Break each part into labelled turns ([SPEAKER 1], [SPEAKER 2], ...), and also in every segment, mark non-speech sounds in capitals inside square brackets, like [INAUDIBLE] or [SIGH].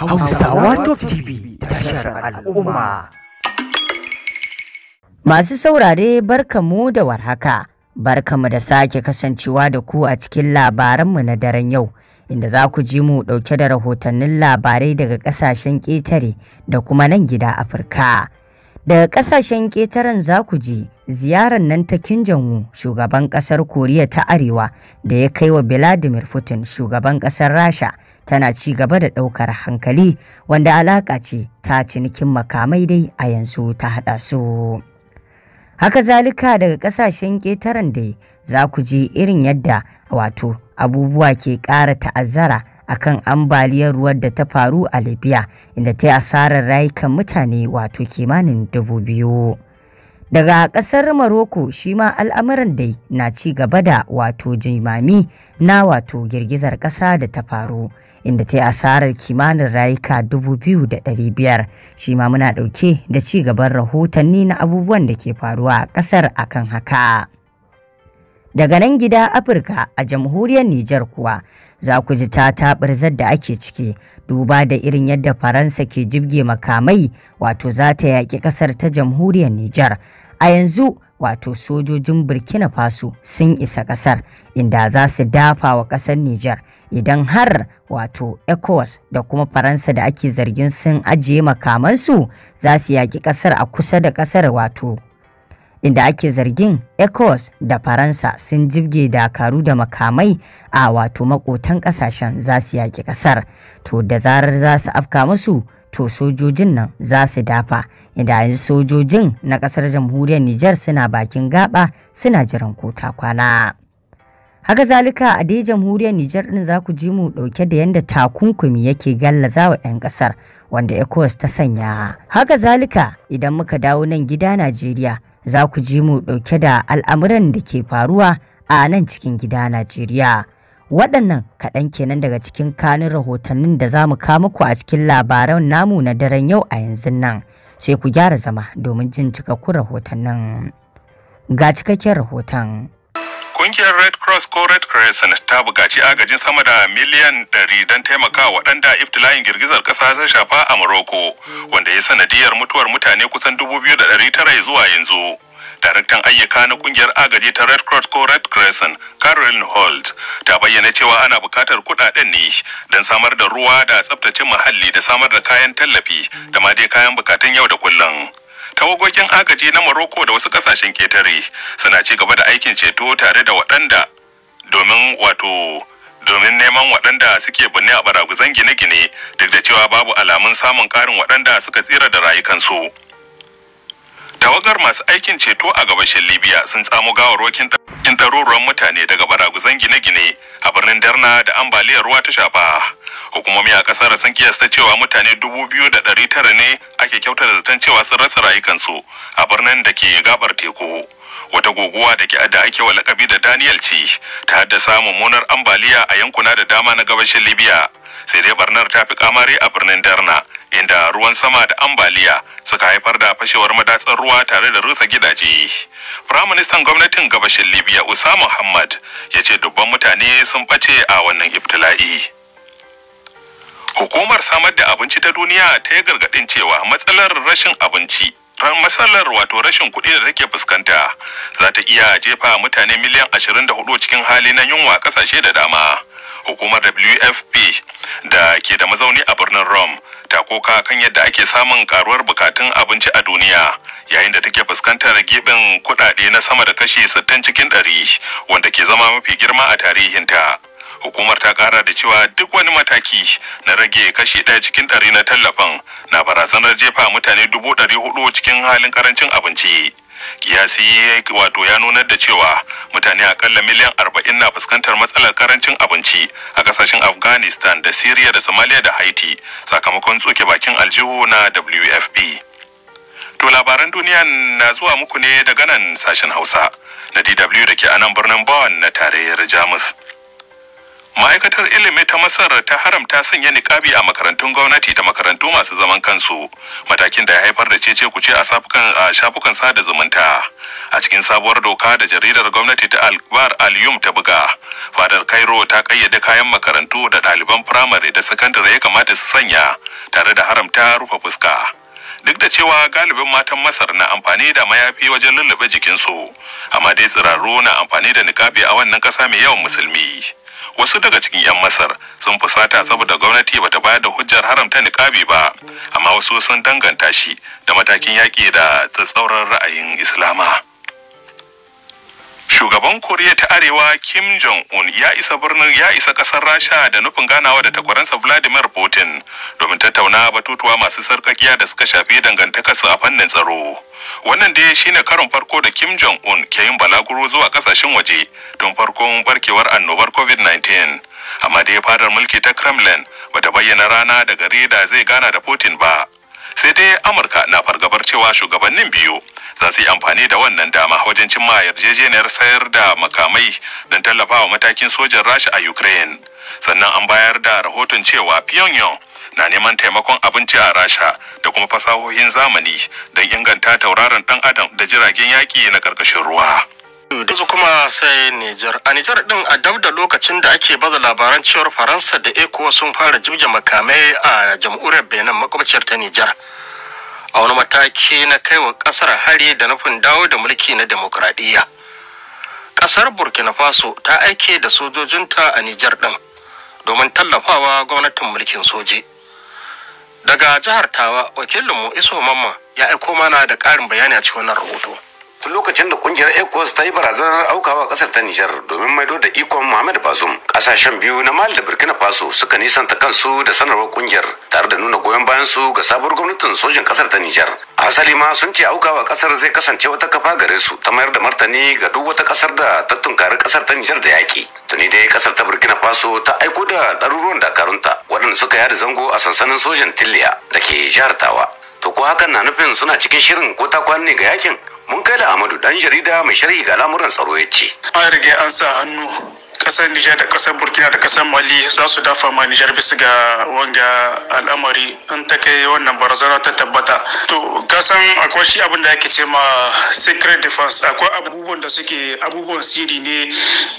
[SPEAKER 1] Hausawa Top
[SPEAKER 2] TV tashar al'umma.
[SPEAKER 1] Masu saurare barkamu da warhaka, barkamu da sake kasancewa da ku a cikin labaranmu na daren yau, inda za ku ji mu ɗauke da rahotannin labarai daga ƙasashen ƙetare da kuma nan gida Afirka. Daga ƙasashen ƙetaren za ku ji ziyarar nan ta Kim jong shugaban ƙasar Koriya ta Arewa da ya kai wa Vladimir Putin shugaban ƙasar Rasha. tana ci gaba da ɗaukar hankali wanda alaƙa ce ta cinikin makamai dai a yanzu ta haɗa su. Haka zalika daga ƙasashen ƙetaren dai za ku ji irin yadda wato abubuwa ke ƙara ta'azzara a kan ambaliyar ruwan da ta faru a Libya inda ta yi asarar rayukan mutane wato kimanin dubu biyu. Daga ƙasar Maroko shi ma al'amuran dai na ci gaba da wato jimami na wato girgizar ƙasa da ta faru inda ta yi asarar kimanin rayuka 2,500 shi ma muna ɗauke da ci gaban rahotanni na abubuwan da ke faruwa a ƙasar akan haka. Daga nan gida Afirka a jamhuriyar Nijar kuwa za ku ji ta taɓirzar da ake ciki duba da irin yadda Faransa ke jibge makamai wato za ta yaƙi ƙasar ta jamhuriyar Nijar. A yanzu wato sojojin Burkina Faso sun isa ƙasar inda za su dafa wa ƙasar Nijar idan har wato ecowas da kuma faransa da ake zargin sun ajiye makamansu za su yaƙi ƙasar a kusa da ƙasar wato inda ake zargin ecowas da faransa sun jibge dakaru da makamai a wato makotan ƙasashen za su yaƙi ƙasar to da zarar za su afka musu to sojojin nan za su dafa inda yanzu sojojin na ƙasar jamhuriyar niger suna bakin gaba suna jiran kota kwana haka zalika a dai jamhuriyar Nijar din za ku ji mu dauke da yadda takunkumi yake gallaza wa 'yan kasar wanda ECOWAS ta sanya haka zalika idan muka dawo nan gida Najeriya za ku ji mu dauke da al'amuran da ke faruwa a nan cikin gida Najeriya waɗannan kaɗan kenan daga cikin kanin rahotannin da za mu muku a cikin labaran namu na daren yau a yanzu nan sai ku gyara zama domin jin cikakkun rahotannin ga cikakken rahoton Kungiyar Red Cross
[SPEAKER 3] ko Red Crescent ta buƙaci agajin sama da miliyan ɗari don taimaka waɗanda iftila'in girgizar ƙasa ta shafa a Morocco, wanda ya sanadiyar mutuwar mutane kusan dubu biyu da ɗari tara zuwa yanzu. Daraktan ayyuka na kungiyar agaji ta Red Cross ko Red Crescent, Caroline Holt, ta bayyana cewa ana buƙatar kuɗaɗen ne don samar da ruwa da tsaftace muhalli da samar da kayan tallafi da ma dai kayan bukatun yau da kullum. tawagogin agaji na Morocco da wasu kasashen ketare suna ci gaba da aikin ceto tare da waɗanda domin wato domin neman waɗanda suke binne a baraguzan gine-gine duk da cewa babu alamun samun ƙarin waɗanda suka tsira da rayukansu. Tawagar masu aikin ceto a gabashin Libya sun tsamo gawarwakin cikin taruruwan mutane daga baraguzan gine-gine a birnin Darna da ambaliyar ruwa ta shafa. Hukumomi a ƙasar sun kiyasta cewa mutane dubu biyu da ɗari tara ne ake kyautata zaton cewa sun rasa rayukansu a birnin da ke gabar teku. wata guguwa da ke da ake wa lakabi da Daniel ce ta haddasa mummunar ambaliya a yankuna da dama na gabashin Libya sai dai barnar ta fi kamare a birnin Darna inda ruwan sama da ambaliya suka haifar da fashewar madatsar ruwa tare da rusa gidaje. Firaministan gwamnatin gabashin Libya Usama Hamad ya ce dubban mutane sun ɓace a wannan iftila'i. Hukumar samar da abinci ta duniya ta yi gargaɗin cewa matsalar rashin abinci matsalar wato rashin kuɗi da take fuskanta za ta iya jefa mutane miliyan 24 cikin hali na yunwa ƙasashe da dama. Hukumar WFP da ke da mazauni a birnin Rome ta koka kan yadda ake samun karuwar bukatun abinci a duniya yayin da take fuskantar gibin kuɗaɗe na sama da kashi 60 cikin 100 wanda ke zama mafi girma a tarihinta. Hukumar ta kara da cewa duk wani mataki na rage kashi ɗaya cikin ɗari na tallafin na barazanar jefa mutane dubu ɗari hudu cikin halin karancin abinci. Kiyasi wato ya nunar da cewa mutane akalla miliyan arba'in na fuskantar matsalar karancin abinci a kasashen Afghanistan da Syria da Somalia da Haiti sakamakon tsoke bakin aljihu na WFP. To labaran duniya na zuwa muku ne daga nan sashen Hausa na DW da ke a nan birnin Bawan na tarayyar Jamus. Ma'aikatar ilimi ta Masar ta haramta sanya niƙabi a makarantun gwamnati da makarantu masu zaman kansu, matakin da ya haifar da cece kuce a safukan a shafukan sada zumunta. A cikin sabuwar doka da jaridar gwamnati ta Alkbar alyum ta buga, fadar Cairo ta kayyade kayan makarantu da ɗaliban firamare da sakandare ya kamata su sanya tare da haramta rufe fuska. duk da cewa galibin matan masar na amfani da mayafi wajen lullube jikinsu amma dai tsirarru na amfani da niƙabi a wannan ƙasa mai yawan musulmi wasu daga cikin 'yan masar sun fusata saboda gwamnati bata bayar da hujjar haramta niƙabi ba amma wasu sun danganta shi da matakin yaƙi da tsatsauran ra'ayin islama shugaban koriya ta arewa kim jong-un ya isa birnin ya isa kasar rasha da nufin ganawa da takwaransa vladimir putin domin tattauna batutuwa masu sarkakiya da suka shafi dangantakarsu a fannin tsaro wannan dai shine karin farko da kim jong-un ke yin balaguro zuwa kasashen waje tun farkon barkewar annobar covid-19 amma dai fadar mulki ta kremlin bata bayyana rana da gari da zai gana da putin ba sai dai amurka na fargabar cewa shugabannin biyu za su yi amfani da wannan dama wajen cimma yarjejeniyar sayar da makamai don tallafawa matakin sojan rasha a ukraine sannan an bayar da rahoton cewa pyongyang na neman taimakon abinci a rasha da kuma fasahohin zamani don inganta tauraron dan adam da jiragen yaƙi na ƙarƙashin ruwa yanzu kuma sai Nijar. A Nijar din
[SPEAKER 2] a dab da lokacin da ake baza labaran cewar Faransa da Eko sun fara jibge makamai a jamhuriyar Benin makwabciyar ta Nijar. A wani mataki na kaiwa kasar hari da nufin dawo da mulki na demokradiyya. Kasar Burkina Faso ta aike da sojojinta a Nijar din domin tallafawa gwamnatin mulkin soji. Daga jihar Tawa, wakilinmu Iso Mamma ya aiko mana da ƙarin bayani a cikin wannan rahoto. tun lokacin da kungiyar ecos ta yi barazanar aukawa kasar ta nijar domin maido da
[SPEAKER 4] ikon muhammad bazum kasashen biyu na mali da burkina faso suka nisanta kansu da sanarwar kungiyar tare da nuna goyon bayan su ga sabuwar gwamnatin sojin kasar ta nijar asali ma sun ce aukawa kasar zai kasance wata kafa gare su ta mayar da martani ga duk wata kasar da ta tunkari kasar ta nijar da yaki tuni dai kasar ta burkina faso ta aiko da ɗaruruwan dakarunta waɗanda suka yada zango a sansanin sojin tilliya da ke jihar tawa to ko hakan na nufin suna cikin shirin ko ta kwanne ga yakin mun kai da Amadu dan jarida mai sharhi ga lamuran tsaro ya ce. An rage an sa
[SPEAKER 5] hannu kasar Nijar da kasar Burkina da kasar Mali za su dafa ma Nijar bisa ga wanga al'amari in ta kai wannan barazana ta tabbata. To kasan akwai shi abin da ake ce ma secret defense akwai abubuwan da suke abubuwan siri ne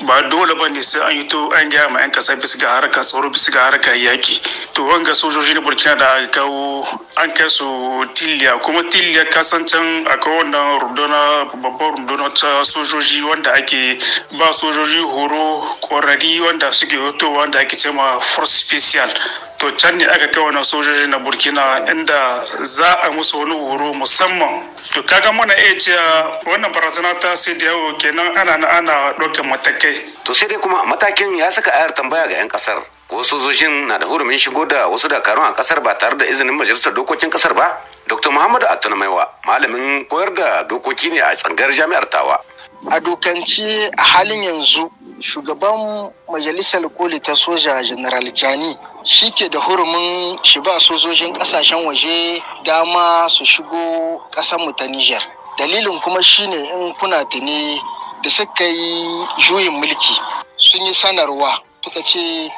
[SPEAKER 5] ba dole ba ne sai an yi to an gaya ma 'yan kasar bisa ga haraka tsaro bisa ga haraka yaki. To wanga sojoji na Burkina da kawo an kai su tiliya kuma tiliya kasan can akwai wannan runduna babbar rundunar ta sojoji wanda ake ba sojoji horo korari wanda suke hoto wanda ake ma force special to can ne aka kai wannan sojoji na burkina inda za a musu wani horo musamman to kaga muna iya cewa wannan barazana ta sai da yawo kenan ana na ana ɗaukar matakai to sai dai kuma
[SPEAKER 4] matakin ya saka ayar tambaya ga 'yan kasar ko sojojin na da hurumin shigo da wasu dakarun a kasar ba tare da izinin majalisar dokokin kasar ba dr muhammadu attunamaiwa malamin koyar da dokoki ne a tsangar jami'ar tawa
[SPEAKER 6] a dokance a halin yanzu shugaban majalisar koli ta soja general jani shi ke da hurumin shi ba sojojin kasashen waje dama su shigo mu ta niger dalilin kuma shine in kuna tuni da suka yi juyin mulki sun yi sanarwa suka ce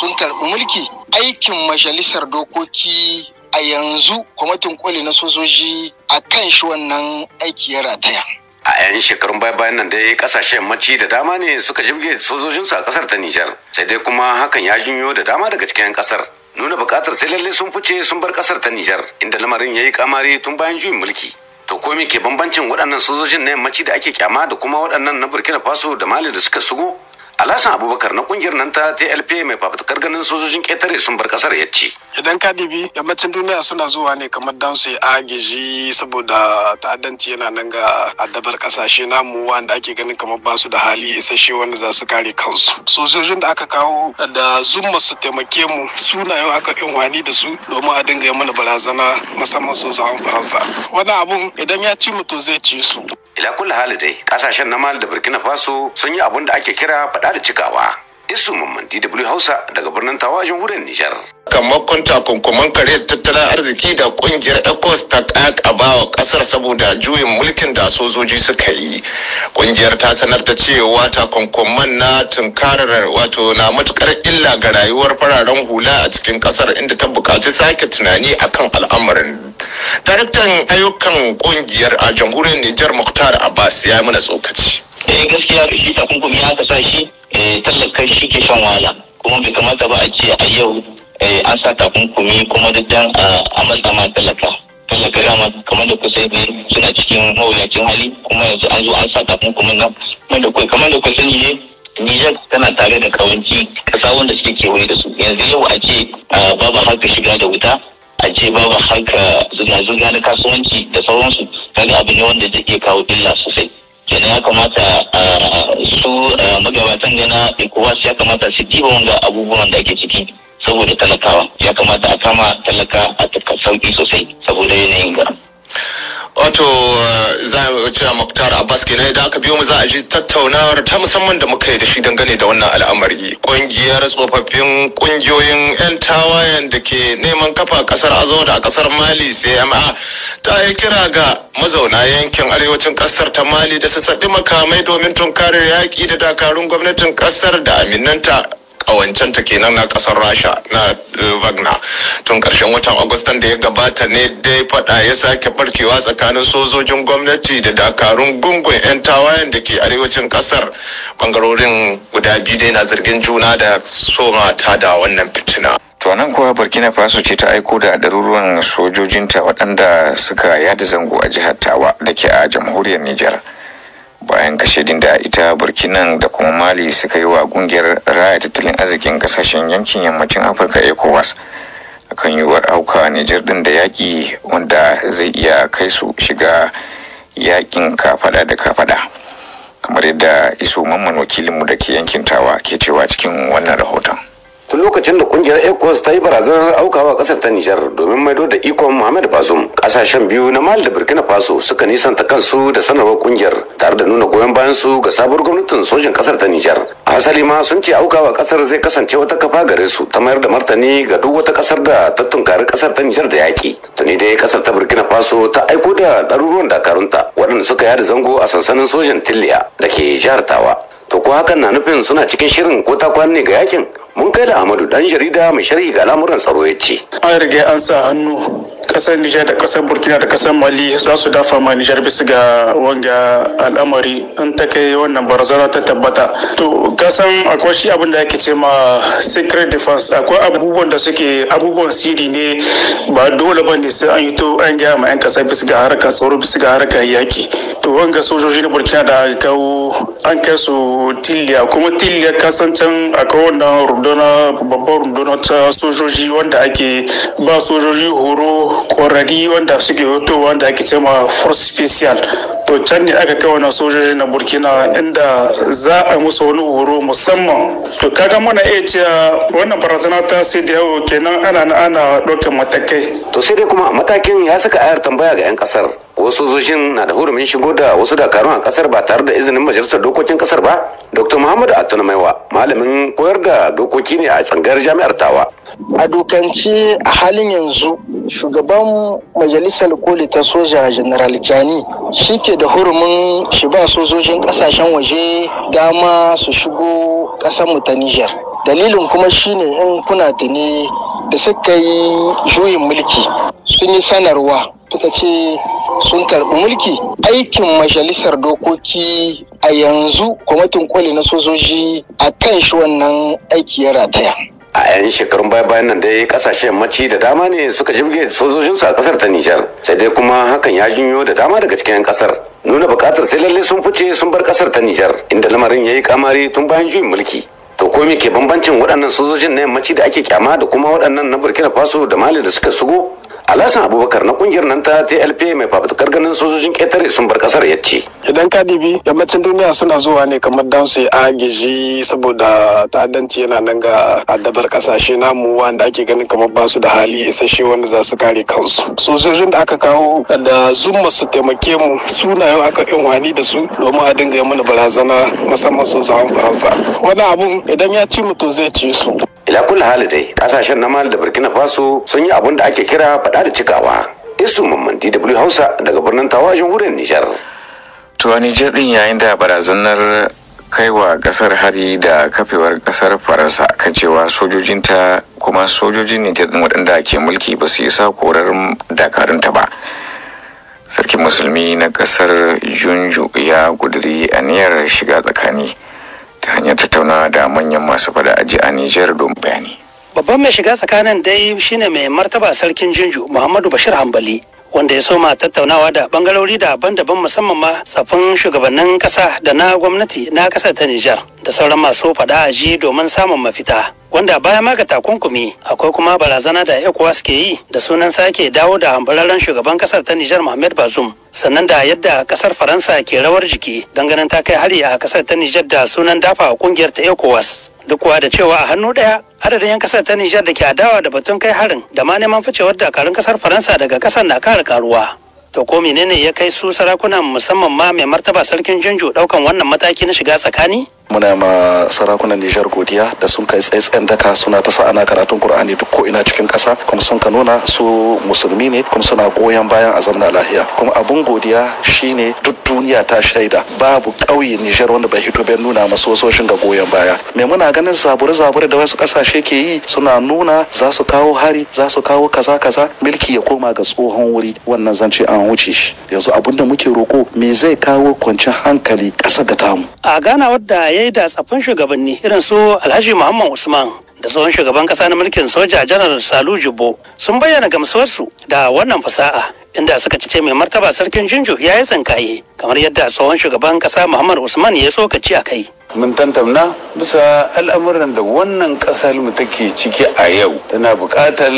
[SPEAKER 6] sun karɓi mulki aikin majalisar dokoki a yanzu kwamitin koli na sojoji a kan shi wannan aiki
[SPEAKER 4] ya rataya a yan shekarun baya bayan nan dai kasashen yammaci da dama ne suka jibge sojojinsu a kasar ta Nijar sai dai kuma hakan ya jinyo da dama daga cikin kasar nuna bukatar sai lalle sun fice sun bar kasar ta Nijar inda lamarin yayi kamari tun bayan juyin mulki to ko me ke bambancin waɗannan sojojin na yammaci da ake kyama da kuma waɗannan na Burkina Faso da Mali da suka shigo alasan abubakar na kungiyar nan ta tlp mai fafutukar ganin sojojin ƙetare sun bar kasar ya ce
[SPEAKER 5] idan ka dibi yammacin duniya suna zuwa ne kamar dan su agiji saboda ta'addanci yana nan ga addabar kasashe namu wanda ake ganin kamar ba su da hali isasshe wanda za su kare kansu sojojin da aka kawo da zumma su taimake mu na yau aka yin wani da su domin a dinga yi mana barazana musamman sojojin faransa wani abun idan ya ci mu to zai ci su ila kulli hali dai kasashen na mali da burkina faso sun yi abun da ake kira
[SPEAKER 7] faɗa da cikawa isu mamman dw hausa daga birnin tawa jamhuriyar nijar sakamakon takunkuman kare tattalin arziki da kungiyar ecos ta a wa kasar saboda juyin mulkin da sojoji suka yi kungiyar ta sanar da cewa takunkuman na tunkarar wato na matukar illa ga rayuwar fararen hula a cikin kasar inda ta buƙaci sake tunani akan al'amarin daraktan ayyukan kungiyar a jamhuriyar nijar muktar abbas ya mana tsokaci eh gaskiya shi takunkumi ya kasa shi Eh,
[SPEAKER 6] talakai shi ke shan wahala kuma bai kamata ba a ce a yau eh, an sa takunkumi kuma duk dan a matsa ma talaka talaka dama kamar da kusa ne suna cikin mawuyacin hali kuma yanzu an zo an sa takunkumin nan kamar da kamar da kusa yi Nijar tana tare da kawanci kasa wanda suke kewaye da su yanzu yau a ce babu haka shiga da wuta a ce babu haka zirga-zirga na kasuwanci da sauransu kaga abu ne wanda zai iya kawo illa sosai kenan ya kamata su magabatan da na ecowas ya kamata su diba wanda abubuwan da ake ciki saboda talakawa ya kamata a kama
[SPEAKER 7] talaka a sauki sosai saboda yanayin ga wato eh, za mu cewa muktar abbas kenan idan aka biyo mu za a ji tattaunawar ta musamman da muka yi da shi dangane da wannan al'amari kungiyar tsofaffin kungiyoyin yan tawayen da ke neman kafa kasar azo da kasar mali cma ta yi kira ga mazauna yankin arewacin kasar ta mali da su saɗi makamai domin tunkarar yaƙi da dakarun gwamnatin kasar da aminanta a wancan take nan na kasar rasha na eh, wagner tun karshen watan agustan da ya gabata ne dai fada ya sake barkewa tsakanin sojojin gwamnati da dakarun gungun 'yan tawayen da ke arewacin kasar bangarorin guda biyu dai na zargin juna da soma ta da wannan fitina to nan kuwa burkina faso ce ta aiko da ɗaruruwan sojojinta waɗanda suka yada zango a jihar tawa da ke a jamhuriyar nijar bayan kashedin da ita burkina da kuma mali suka yi wa kungiyar raya tattalin arzikin kasashen yankin yammacin afirka ecowas akan yiwuwar auka nijar din da yaƙi wanda zai iya kai su shiga yaƙin kafada da kafada kamar yadda iso mamman wakilinmu da ke yankin tawa ke cewa cikin wannan rahoton
[SPEAKER 4] tun lokacin da kungiyar ecos ta yi barazanar aukawa kasar ta nijar domin maido da ikon muhammad bazum kasashen biyu na mali da burkina faso suka nisanta kansu da sanarwar kungiyar tare da nuna goyon bayan su ga sabuwar gwamnatin sojin kasar ta nijar asali ma sun ce aukawa kasar zai kasance wata kafa gare su ta mayar da martani ga duk wata kasar da ta tunkari kasar ta nijar da yaki tuni dai kasar ta burkina faso ta aiko da ɗaruruwan dakarunta waɗanda suka yada zango a sansanin sojin tiliya da ke jihar tawa to ko hakan na nufin suna cikin shirin ko ta kwanne ga yakin mun kai da Ahmadu dan jarida mai sharhi ga lamuran tsaro ya ce. An riga
[SPEAKER 5] an sa hannu kasar Nijar da kasar Burkina da kasar Mali za su dafa ma Nijar bisa ga wanga al'amari an ta kai wannan barazana ta tabbata. To kasan akwai shi abin da ake ce ma secret defense akwai abubuwan da suke abubuwan siri ne ba dole ba ne sai an yi to an gaya ma 'yan kasa bisa ga harkar tsaro bisa ga harkar yaki. To wanga sojoji na Burkina da kawo an kai su tiliya kuma tiliya kasancen can akwai wannan Don babbar rundunar ta sojoji wanda ake ba sojoji horo korari wanda suke hotowa wanda ake cema force special to can ne aka kai wannan sojoji na burkina inda za a musu wani horo musamman to kaga mana iya cewa wannan barazana ta sai da yawo kenan ana ana ɗaukar
[SPEAKER 4] matakai to sai dai kuma matakin ya saka ayar tambaya ga 'yan kasar wasu sojojin na da hurumin shigo da wasu dakarun a kasar ba tare da izinin majalisar dokokin kasar ba dr muhammadu attuna maiwa malamin koyar da dokoki ne a tsangar jami'ar tawa
[SPEAKER 6] a dokance a halin yanzu shugaban majalisar koli ta soja general jani shi ke da hurumin shi ba sojojin kasashen waje dama su shigo kasar mu ta niger dalilin kuma shine in kuna ne da suka yi juyin mulki sun yi sanarwa suka ce sun karɓi mulki aikin majalisar dokoki a yanzu kwamitin kwale na sojoji a kan shi wannan aiki ya rataya.
[SPEAKER 4] a yayin shekarun baya bayan nan dai kasashen yammaci da dama ne suka jibge sojojinsu a kasar ta nijar sai dai kuma hakan ya jinyo da dama daga cikin 'yan kasar nuna bukatar sai lalle sun fice sun bar kasar ta nijar inda lamarin ya yi kamari tun bayan juyin mulki to ko me ke bambancin waɗannan sojojin na yammaci da ake kyama da kuma waɗannan na burkina faso da mali da suka shigo alasan abubakar na kungiyar nan ta tlp mai fafutukar ganin sojojin ƙetare sun bar kasar ya ce idan ka yammacin
[SPEAKER 5] duniya suna zuwa ne kamar dan su agiji saboda ta'addanci yana nan ga addabar kasashe namu wanda ake ganin kamar ba su da hali isasshe wanda za su kare kansu sojojin da aka kawo da zumma su taimake mu sunayen aka yin wani da su domin a dinga yi mana barazana musamman sojan faransa wani abun idan ya ci mu zai ci su
[SPEAKER 4] ila kulli hali dai kasashen na mali da burkina faso sun yi abun da ake kira faɗa da cikawa isu mamman dw hausa daga birnin tawajin wurin nijar to a nijar din yayin da barazanar kaiwa kasar hari da kafewar
[SPEAKER 7] kasar faransa kan cewa sojojinta kuma sojojin ne waɗanda ke mulki ba su isa korar dakarunta ba sarkin musulmi na kasar junju ya a aniyar shiga tsakani ta hanyar tattaunawa da manyan masu fada aji a Nijar don bayani.
[SPEAKER 8] Babban mai shiga tsakanin dai shine mai martaba sarkin Jinju Muhammadu Bashir Hambali wanda ya soma tattaunawa da bangarori daban-daban musamman ma safin shugabannin kasa da na gwamnati na kasar ta Nijar da sauran masu faɗa ji domin samun mafita. Wanda baya ma ga takunkumi akwai kuma barazana da ECOWAS suke yi da sunan sake dawo da hambararren shugaban kasar ta Nijar Mohamed Bazoum sannan da yadda kasar Faransa ke rawar jiki don ganin ta kai hari a kasar ta Nijar da sunan dafa kungiyar ta ECOWAS. duk kuwa da cewa a hannu ɗaya adadin 'yan kasar ta Nijar da ke adawa da batun kai harin da ma neman ficewar dakarun kasar Faransa daga kasar na kara karuwa. To ko menene ya kai su sarakunan musamman ma mai martaba sarkin Junju ɗaukan wannan mataki na shiga tsakani? muna ma sarakunan Nijar
[SPEAKER 2] godiya da sun kai tsaitsayen daka suna ta sa ana karatun Qur'ani duk ko ina cikin ƙasa kuma sun ka nuna su musulmi ne kuma suna goyon bayan a lahiya kuma abun godiya shine duk duniya ta shaida babu ƙauye Nijar wanda bai hito bai nuna masu wasoshin ga goyon baya me muna ganin zaburi zaburi da wasu ƙasashe ke yi suna nuna za su kawo hari za su kawo kaza kaza milki ya koma ga tsohon wuri wannan zance an wuce shi yanzu abun da muke roko me zai
[SPEAKER 6] kawo kwanci hankali ƙasa ga tamu
[SPEAKER 8] a gana wadda yi da tsafin shugabanni irin su Alhaji Muhammad Usman da tsohon shugaban kasa na mulkin soja janar salu jubo sun bayyana gamsuwarsu da wannan fasaha inda suka ce mai martaba sarkin jinju ya yi tsinkaye kamar yadda tsohon shugaban kasa muhammad usman ya sokaci a kai mun tantamna bisa
[SPEAKER 4] al'amuran da wannan ƙasar mu take ciki a yau tana buƙatar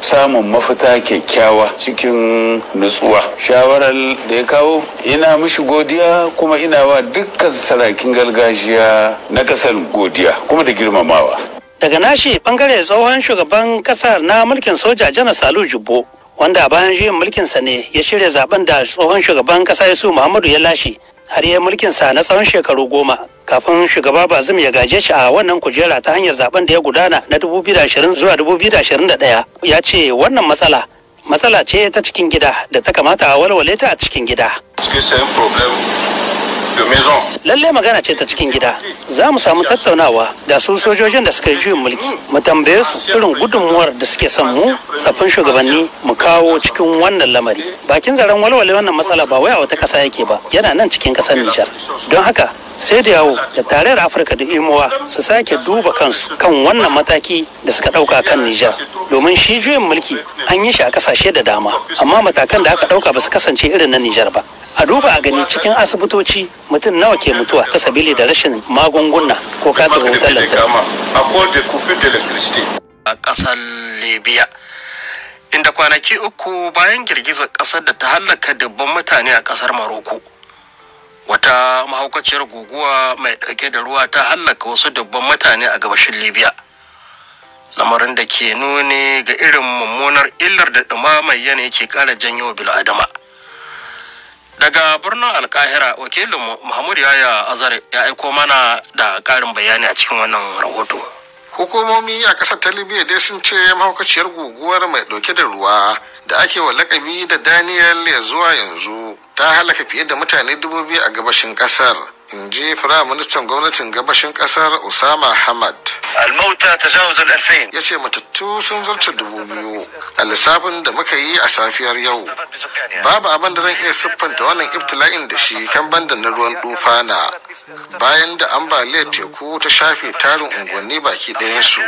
[SPEAKER 4] samun mafita kyakkyawa cikin nutsuwa shawarar da ya kawo ina mishi godiya kuma ina wa dukkan sarakin gargajiya na ƙasar godiya kuma da girmamawa
[SPEAKER 8] daga nashi bangare tsohon shugaban kasa na mulkin soja janar salu jubbo wanda bayan juyin mulkinsa ne ya shirya zaben da tsohon shugaban kasa yasu muhammadu ya lashe har ya mulkinsa na tsawon shekaru goma kafin shugaba bazum ya gaje shi a wannan kujera ta hanyar zaben da ya gudana na 2020 zuwa 2021 ya ce wannan matsala matsala ce ta cikin gida da ta kamata a walwale ta a cikin gida. Lallai magana ce ta cikin gida. Za mu samu tattaunawa da su sojojin da suka yi juyin mulki. Mu tambaye su irin gudunmuwar da suke son mu tsaffin shugabanni mu kawo cikin wannan lamari. Bakin zaren walwale wannan matsala ba wai a wata ƙasa yake ba. Yana nan cikin ƙasar Nijar. Don haka sai da yawo da tarayyar afirka da imowa su sake duba kansu kan wannan mataki da suka ɗauka kan nijar domin shi juyin mulki an yi shi a ƙasashe da dama amma matakan da aka ɗauka ba su kasance irin na nijar ba a duba a gani cikin asibitoci mutum nawa ke mutuwa ta sabili da rashin magunguna ko kasa ga wutar lantarki a ƙasar libya
[SPEAKER 2] inda kwanaki uku bayan girgizar ƙasar da ta hallaka dubban mutane a ƙasar maroko wata mahaukaciyar guguwa mai ɗauke da ruwa ta hallaka wasu dubban mutane a gabashin libya lamarin da ke nuni ga irin mummunar illar da ɗumamar yanayi ke ƙara janyo bil'adama. adama Daga birnin Alkahira wakilinmu Muhammadu Yaya Azare ya aiko mana da ƙarin bayani a cikin wannan
[SPEAKER 9] rahoto. Hukumomi a ƙasar ta Libya dai sun ce mahaukaciyar guguwar mai ɗauke da ruwa da ake wa lakabi da Daniel ya zuwa yanzu ta halaka fiye da mutane dubu biyu a gabashin ƙasar. in ji Ministan gwamnatin gabashin kasar usama hamad almauta ta jawazul alfain ya matattu sun zarta dubu biyu a lissafin da muka yi a safiyar yau babu abin da zan iya siffanta wannan ibtila'in da shi kan bandan na ruwan dufana bayan da ambaliyar teku ta shafe tarin unguwanni baki ɗayansu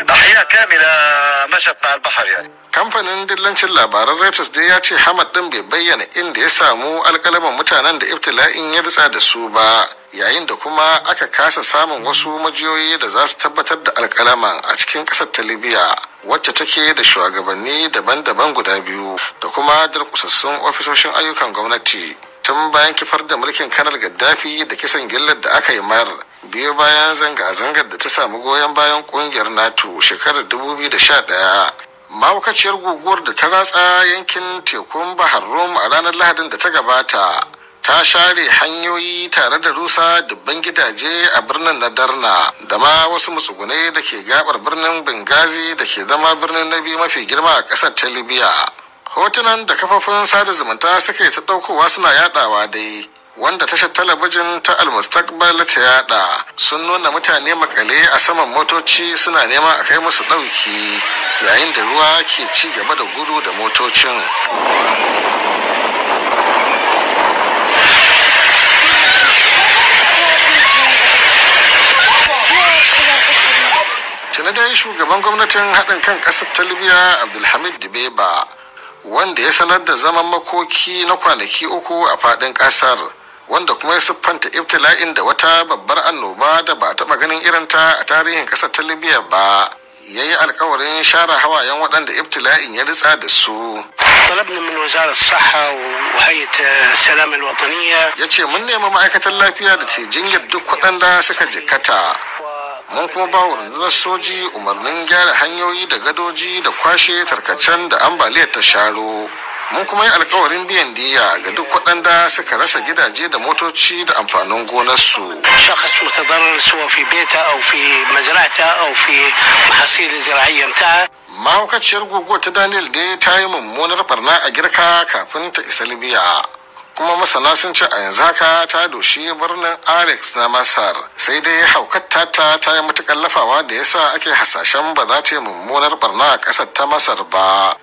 [SPEAKER 9] kamfanin dillancin labaran reuters dai ya ce hamad din bai bayyana inda ya samu alkalaman mutanen da ibtila'in ya ritsa da su ba yayin da kuma aka kasa samun wasu majiyoyi da za su tabbatar da alkalaman a cikin ƙasar ta libya wacce take da shugabanni daban-daban guda biyu da kuma durƙusassun ofisoshin ayyukan gwamnati tun bayan kifar da mulkin kanar gaddafi da kisan gillar da aka yi mar Biyu bayan zanga-zangar da ta samu goyon bayan kungiyar nato shekarar 2011 mahaukaciyar guguwar da ta ratsa yankin tekun bahar rum a ranar lahadin da ta gabata ta share hanyoyi tare da rusa dubban gidaje a birnin na darna da ma wasu matsugunai da ke gabar birnin bengazi da ke zama birnin na biyu mafi girma a kasar ta libya hotunan da kafafun sada zumunta suka yi ta ɗaukowa suna yadawa dai wanda tashar talabijin ta almustakbal ta yada sun nuna mutane makale a saman motoci suna nema a kai musu ɗauki yayin da ruwa ke ci gaba da gudu da motocin na dai shugaban gwamnatin haɗin kan ƙasar ta libya abdulhamid dibeba wanda ya sanar da zaman makoki na kwanaki uku a faɗin ƙasar wanda kuma ya siffanta ibtila'in da wata babbar annoba da ba a taɓa ganin irinta a tarihin ƙasar ta libya ba ya yi alkawarin share hawayen waɗanda ibtila'in ya ritsa da su. Ya ce mun nemi ma'aikatan lafiya da ce jinyar duk waɗanda suka jikata. mun kuma ba wa soji umarnin gyara hanyoyi da gadoji da kwashe tarkacen da ambaliyar ta sharo mun kuma yi alkawarin biyan diya ga duk waɗanda suka rasa gidaje da motoci da amfanin gonarsu. ta mutadarrar su fi beta au fi mazra'ata au fi mahasil ta. mahaukaciyar guguwa ta daniel dai ta yi mummunar barna a girka kafin ta isa libya kuma masana sun ce a yanzu haka ta doshi birnin alex na masar sai dai haukatta ta ta yi matukar lafawa da yasa ake hasashen ba za ta yi mummunar barna a ƙasar ta masar ba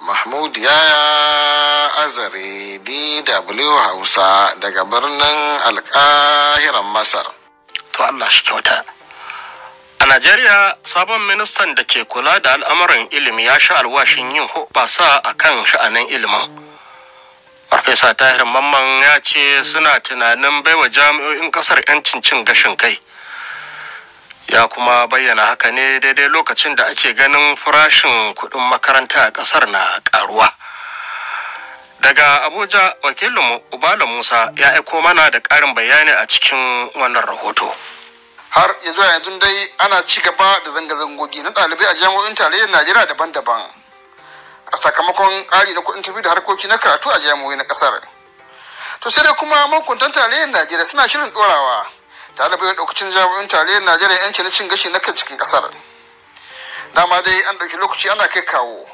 [SPEAKER 9] mahmud yaya azare dw hausa daga birnin alkahiran masar to allah shi kyauta a
[SPEAKER 2] najeriya sabon ministan da ke kula da al'amuran ilimi ya sha alwashin yin hoɓasa a kan sha'anin ilimin Farfesa Tahir Mamman ya ce suna tunanin baiwa jami'o'in kasar 'yancin cin gashin kai. Ya kuma bayyana haka ne daidai lokacin da ake ganin farashin kuɗin makaranta a ƙasar na karuwa Daga Abuja, Wakilin Ubala Musa ya aiko mana da ƙarin bayani a cikin wannan rahoto.
[SPEAKER 10] har ya yanzu dai ana ci gaba da zanga-zangogi na ɗalibai a jami'o'in tarayyar najeriya daban-daban a sakamakon ƙari na kuɗin tafi da harkoki na karatu a jami'o'i na ƙasar to sai dai kuma mahukuntan tarayyar najeriya suna shirin ɗorawa tare da bayan ɗaukacin jami'o'in tarayyar najeriya yanci na cin gashi na kan cikin ƙasar dama dai an ɗauki lokaci ana kai kawo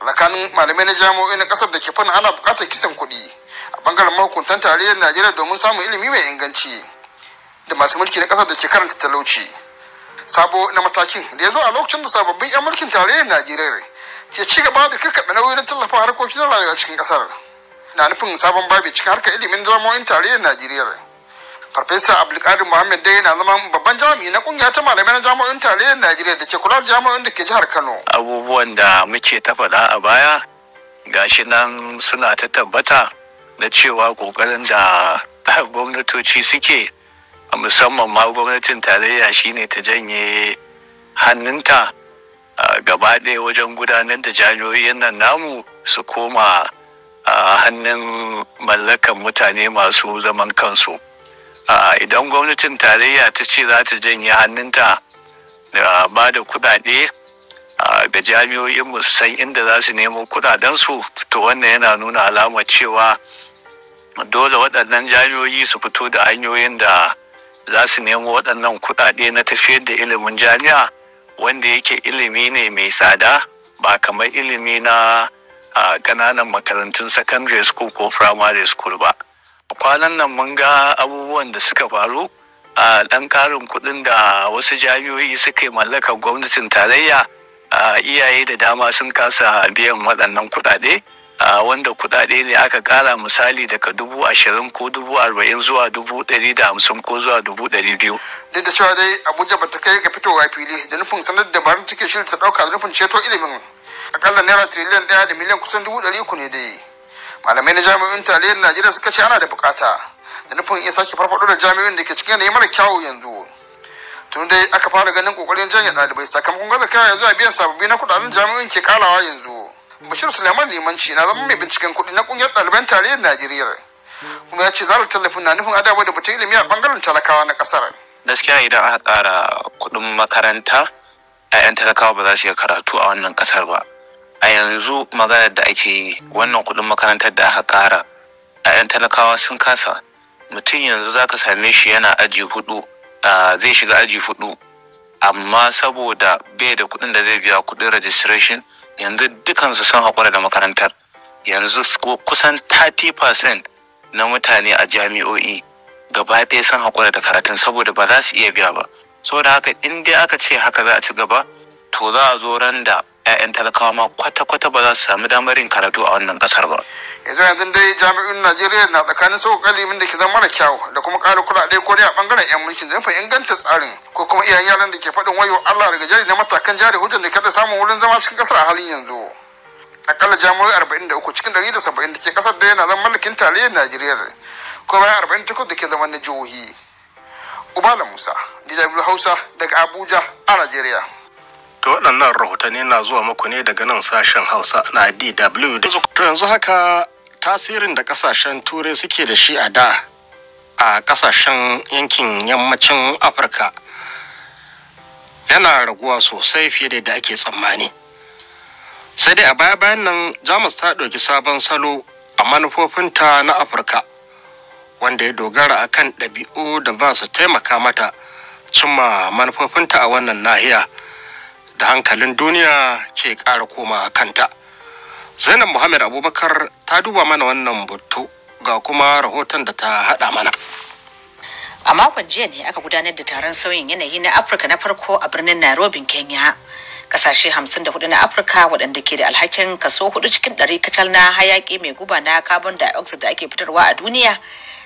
[SPEAKER 10] a tsakanin malamai na jami'o'i na ƙasar da ke fana ana buƙatar kisan kuɗi a ɓangaren mahukuntan tarayyar najeriya domin samun ilimi mai inganci da masu mulki na ƙasar da ke karanta talauci sabo na matakin da ya zo a lokacin da sababbin 'yan mulkin tarayyar najeriya ke ci gaba da kakkaɓe nauyin tallafa harkokin rayuwa cikin ƙasar na nufin sabon babi cikin harkar ilimin dramoyin tarayyar najeriya farfesa abdulkadir muhammad dai yana zama babban jami'i na kungiya ta malamai na jami'in tarayyar najeriya da ke kula da jami'in da ke jihar kano
[SPEAKER 11] abubuwan da muke ta faɗa a baya gashi nan suna ta tabbata na cewa ƙoƙarin da [LAUGHS] gwamnatoci suke musamman ma gwamnatin tarayya shine ta janye hannunta gaba ɗaya wajen gudanar da jami'o'in nan namu su koma hannun mallakan mutane masu zaman kansu idan gwamnatin tarayya ta ce za ta janye hannunta da ba da kuɗaɗe ga jami'o'in san inda za su nemo kudadensu to wannan yana nuna alamar cewa dole waɗannan jami'oyi su fito da hanyoyin da za su nemo waɗannan kuɗaɗe na tafiyar da ilimin jami'a wanda yake ilimi ne mai tsada ba kamar ilimi na ƙananan makarantun secondary school ko primary school ba kwanan nan mun ga abubuwan da suka faru a ɗan ƙarin kuɗin da wasu jami'o'i suka yi mallakar gwamnatin tarayya iyaye da dama sun kasa biyan waɗannan kuɗaɗe. a wanda kuɗaɗe ne aka kara misali daga dubu ashirin ko dubu arba'in zuwa dubu ɗari da hamsin ko zuwa dubu ɗari biyu. Duk da cewa dai Abuja ba ta kai ga fitowa fili da
[SPEAKER 10] nufin sanar da barin cikin shirin ta ɗauka a nufin ceto ilimin. Akalla naira tiriliyan ɗaya da miliyan kusan dubu ɗari uku ne dai. Malamai na jami'in tarayyar Najeriya suka ce ana da bukata da nufin iya sake farfaɗo da jami'in da ke cikin yanayi mara kyawu yanzu. Tun dai aka fara ganin kokarin janye ɗalibai sakamakon gaza kawai zuwa biyan sababbi na kuɗaɗen jami'in ke karawa yanzu. bashir suleiman limanci na zama mai mm. binciken kuɗi na ƙungiyar ɗaliban tarayyar najeriya kuma ya ce zarar tallafin na nufin adawa da bata ilimi a ɓangaren talakawa na ƙasar
[SPEAKER 11] gaskiya idan aka tsara kuɗin makaranta 'ya'yan talakawa ba za su iya karatu a wannan ƙasar ba a yanzu maganar da ake yi wannan kuɗin makarantar da aka ƙara 'ya'yan talakawa sun kasa mutum yanzu za ka same shi yana aji hudu zai shiga aji hudu amma saboda bai da kuɗin da zai biya kuɗin registration yanzu dukansu sun haƙura da makarantar yanzu kusan 30% na mutane a jami'o'i gaba ɗaya sun haƙura da karatun saboda ba za su iya biya ba saboda haka in dai aka ce haka za a ci gaba to za a zo randa. 'ya'yan talakawa ma kwata-kwata ba za su sami damar yin karatu a wannan kasar ba.
[SPEAKER 10] yanzu yanzu dai jami'un najeriya na tsakanin sauƙaƙa limin da ke zama mara kyau da kuma ƙara kuɗaɗe ko dai a ɓangaren 'yan mulkin zai inganta tsarin ko kuma iyayen yaran da ke faɗin wayo allah daga jari na matakan jari hujjar da kada samun wurin zama cikin ƙasar a halin yanzu. akalla jami'o'i arba'in da uku cikin ɗari da saba'in da ke ƙasar da yana zan mallakin tarayyar najeriya ko bayan arba'in da ke zama na jihohi. Ubala Musa, DW Hausa daga Abuja a Najeriya.
[SPEAKER 2] Ta waɗannan rahotanni na zuwa muku ne daga nan sashen Hausa na DW. Yanzu haka tasirin da ƙasashen Turai suke da shi a da a ƙasashen yankin yammacin Afirka yana raguwa sosai fiye da ake tsammani. Sai dai a baya-bayan nan Jamus ta ɗauki sabon salo a manufofinta na Afirka wanda ya dogara akan ɗabi'u da ba su taimaka mata cimma manufofinta a wannan nahiya. da hankalin duniya ke ƙara koma kanta zainab muhammad abubakar ta duba mana wannan batu ga kuma rahoton da ta haɗa mana
[SPEAKER 12] a makon jiya ne aka gudanar da taron sauyin yanayi na afirka na farko a birnin nairobi kenya kasashe hudu na afirka waɗanda ke da alhakin kaso hudu cikin ɗari kacal na hayaƙi mai guba na carbon dioxide da ake fitarwa a duniya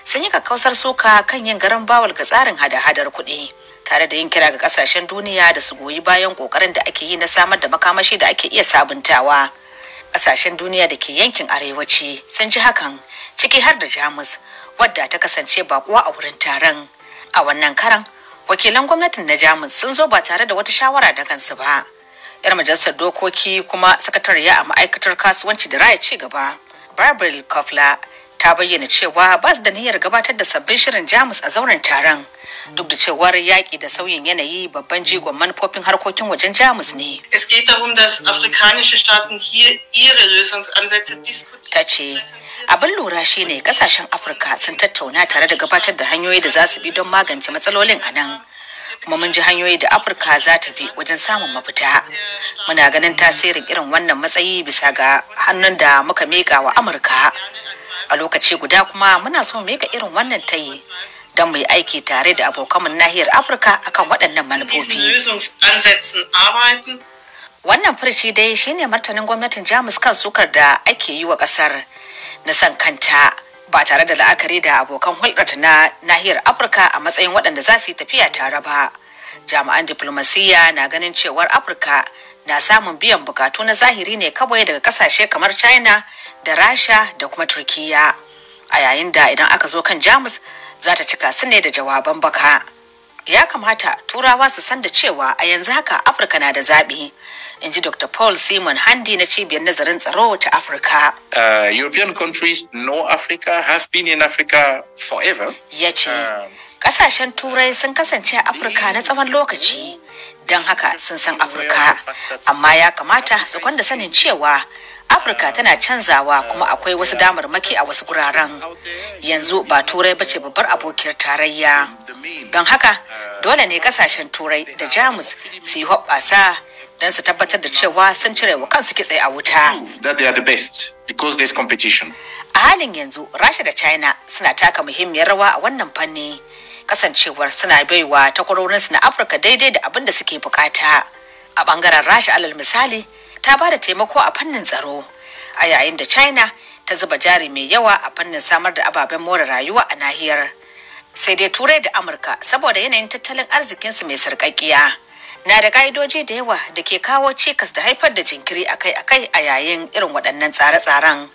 [SPEAKER 12] sun yi kakkausar suka kan yin garan bawal ga tsarin hada-hadar kuɗi tare da yin kira ga kasashen duniya da su goyi bayan kokarin da ake yi na samar da makamashi da ake iya sabuntawa kasashen duniya da ke yankin arewaci sun ji hakan ciki har da jamus wadda ta kasance bakuwa a wurin taron a wannan karan wakilan gwamnatin na jamus sun zo ba tare da wata shawara da kansu ba yar majalisar dokoki kuma sakatariya a ma'aikatar kasuwanci da raya ci gaba barbara kofla ta bayyana cewa ba su da niyyar gabatar da sabbin shirin jamus a zauren taron duk da cewar yaƙi da sauyin yanayi babban jigon manufofin harkokin wajen jamus ne mm. ta ce abin lura shine kasashen afirka sun tattauna tare da gabatar da hanyoyi da za su bi don magance matsalolin a nan kuma mun ji hanyoyi da afirka za ta bi wajen samun mafita muna ganin tasirin irin wannan matsayi bisa ga hannun da muka miƙa wa amurka a lokaci guda kuma muna so mu mika irin wannan ta yi don mu aiki tare da abokanmu nahiyar afirka akan waɗannan manufofi wannan furci dai shine martanin gwamnatin jamus kan sukar da ake yi wa ƙasar na san kanta ba tare da la'akari da abokan hulɗarta na nahiyar afirka a matsayin waɗanda za su yi tafiya tare ba jami'an diplomasiyya na ganin cewar afirka na samun biyan bukatu na zahiri ne kawai daga ƙasashe kamar china da rasha da kuma turkiya a yayin da idan aka zo kan jamus za ta cika su ne da jawaban baka ya kamata turawa su san da cewa a yanzu haka afirka na da zaɓi in ji dr paul simon handi na cibiyar nazarin tsaro ta afirka
[SPEAKER 2] uh, european countries know africa have been in africa forever ya ce
[SPEAKER 12] uh, ƙasashen turai sun kasance a afirka na tsawon lokaci don haka sun san afirka amma ya kamata su kwanda sanin cewa afirka tana canzawa kuma akwai wasu damarmaki a wasu guraren yanzu ba turai bace babbar abokiyar tarayya don haka dole ne kasashen turai da jamus su yi hoɓɓasa don su tabbatar da cewa sun cire wa kansu kitse a wuta. A halin yanzu, Rasha da China suna taka muhimmiyar rawa a wannan fanni, kasancewar suna baiwa takwarorinsu na Afirka daidai da abin da suke bukata. A bangaren Rasha alal misali, ta ba da taimako a fannin tsaro a yayin da china ta zuba jari mai yawa a fannin samar da ababen more rayuwa a nahiyar sai dai turai da amurka saboda yanayin tattalin arzikinsu mai sarƙaƙiya na da ƙa'idoji da yawa da ke kawo cikas da haifar da jinkiri akai-akai a yayin irin waɗannan tsare-tsaren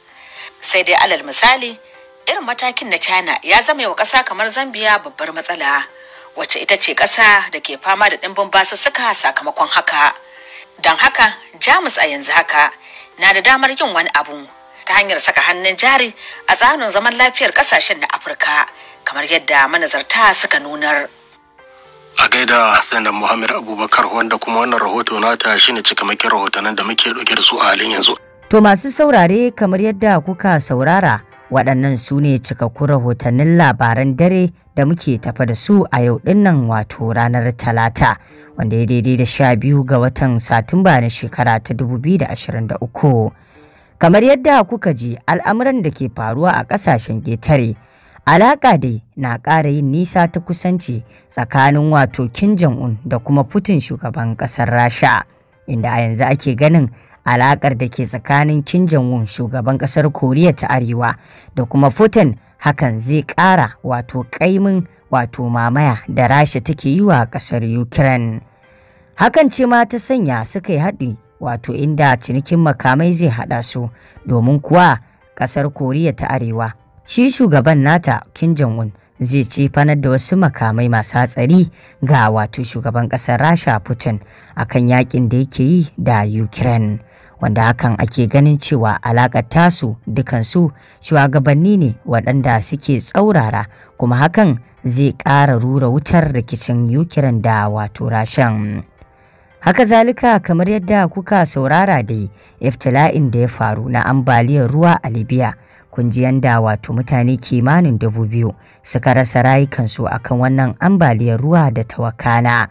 [SPEAKER 12] sai dai alal misali irin matakin na china ya zama wa ƙasa kamar zambiya babbar matsala wacce ita ce ƙasa da ke fama da ɗimbin basussuka sakamakon haka Don haka Jamus a yanzu haka na da damar yin wani abu ta hanyar saka hannun jari a tsarin zaman lafiyar kasashen na Afirka kamar yadda manazarta suka nunar.
[SPEAKER 2] a gaida sandan muhammad abubakar wanda kuma wannan rahoto nata shine makin rahotannin da muke dauke da su a halin yanzu
[SPEAKER 1] to masu saurare kamar yadda kuka saurara Waɗannan su ne cikakku rahotannin labaran dare da muke tafa da su a yau dinnan wato ranar Talata, wanda ya daidai da sha biyu ga watan Satumba na shekara ta 2023. Kamar yadda kuka ji al'amuran da ke faruwa a ƙasashen getare, alaƙa dai na ƙara yin nisa ta kusanci tsakanin wato Kin da kuma Putin shugaban ƙasar Rasha, inda a yanzu ake ganin alakar da ke tsakanin Kim Jong-un shugaban kasar Koriya ta Arewa da kuma Putin hakan zai ƙara wato ƙaimin wato mamaya da Rasha take yi wa kasar Ukraine. Hakan ce ma ta sanya suka yi haɗi wato inda cinikin makamai zai haɗa su domin kuwa ƙasar Koriya ta Arewa. Shi shugaban nata Kim Jong-un zai ce fanar da wasu makamai masu hatsari ga wato shugaban ƙasar Rasha Putin akan yakin da yake yi da Ukraine. wanda hakan ake ganin cewa alaƙar tasu dukansu shugabanni ne waɗanda suke tsaurara kuma hakan zai ƙara rura wutar rikicin yukiran da wato rashen. Haka zalika kamar yadda kuka saurara dai iftila'in da ya faru na ambaliyar ruwa a Libya kunjiyan da wato mutane kimanin dubu biyu suka rasa rayukansu akan wannan ambaliyar ruwa da tawakana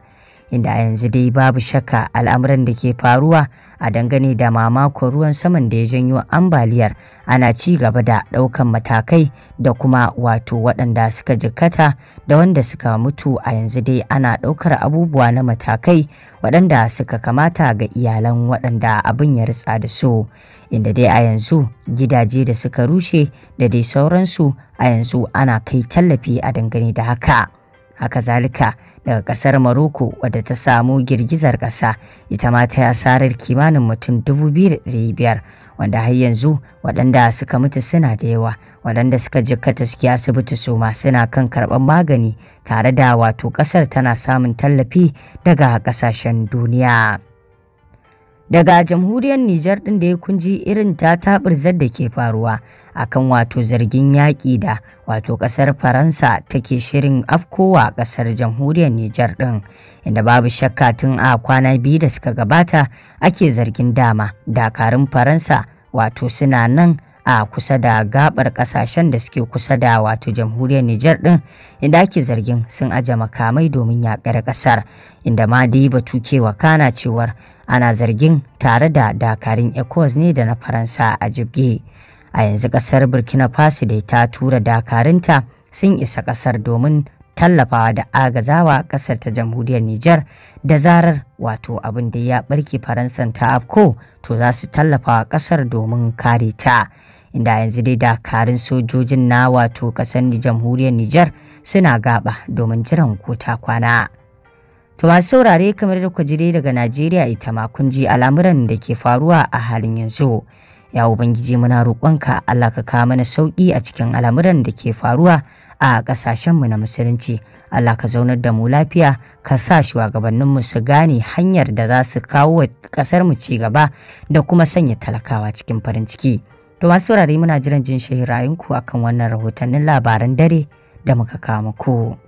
[SPEAKER 1] inda a yanzu dai babu shakka al'amuran da ke faruwa a dangane da mamakon ruwan saman da ya janyo ambaliyar ana ci gaba da ɗaukan matakai da kuma wato waɗanda suka jikkata da wanda suka mutu a yanzu dai ana ɗaukar abubuwa na matakai waɗanda suka kamata ga iyalan waɗanda abin ya ritsa da su inda dai a yanzu gidaje da suka rushe da dai sauransu a yanzu ana kai tallafi a dangane da haka haka zalika daga kasar Morocco wadda ta samu girgizar kasa ita ma ta asarar kimanin mutum 2,500 wanda har yanzu waɗanda suka mutu suna da yawa waɗanda suka jikkata suke asibiti su ma suna kan karɓar magani tare da wato ƙasar tana samun tallafi daga ƙasashen duniya. daga jamhuriyar Nijar ɗin da ya kunji irin ta taɓurzar da ke faruwa akan wato zargin yaƙi da wato ƙasar Faransa take shirin afkowa ƙasar jamhuriyar Nijar ɗin inda babu shakka tun a kwana biyu da suka gabata ake zargin dama dakarun Faransa wato suna nan a kusa da gabar ƙasashen da suke kusa da wato jamhuriyar Nijar ɗin, inda ake zargin sun aje makamai domin yaƙar ƙasar, inda ma dai batu ke wakana cewar ana zargin tare da dakarun ecos ne da na faransa a jibge a yanzu kasar burkina faso dai ta tura dakarunta sun isa kasar domin tallafawa da agazawa kasar ta jamhuriyar niger da zarar wato abin da ya barke faransan ta afko to za su tallafawa kasar domin kare ta inda yanzu dai dakarun sojojin na wato kasar jamhuriyar niger suna gaba domin jiran ko ta kwana To masu saurare kamar da kujire daga Najeriya ita ma kun ji al'amuran da ke faruwa a halin yanzu. Ya Ubangiji muna roƙonka Allah ka kawo mana sauƙi a cikin al'amuran da ke faruwa a ƙasashenmu na musulunci. Allah ka zaunar da mu lafiya ka sa mu su gane hanyar da za su kawo wa ƙasarmu ci gaba da kuma sanya talakawa cikin farin ciki. To masu saurare muna jiran jin shahirayinku akan wannan rahotannin labaran dare da muka kawo muku.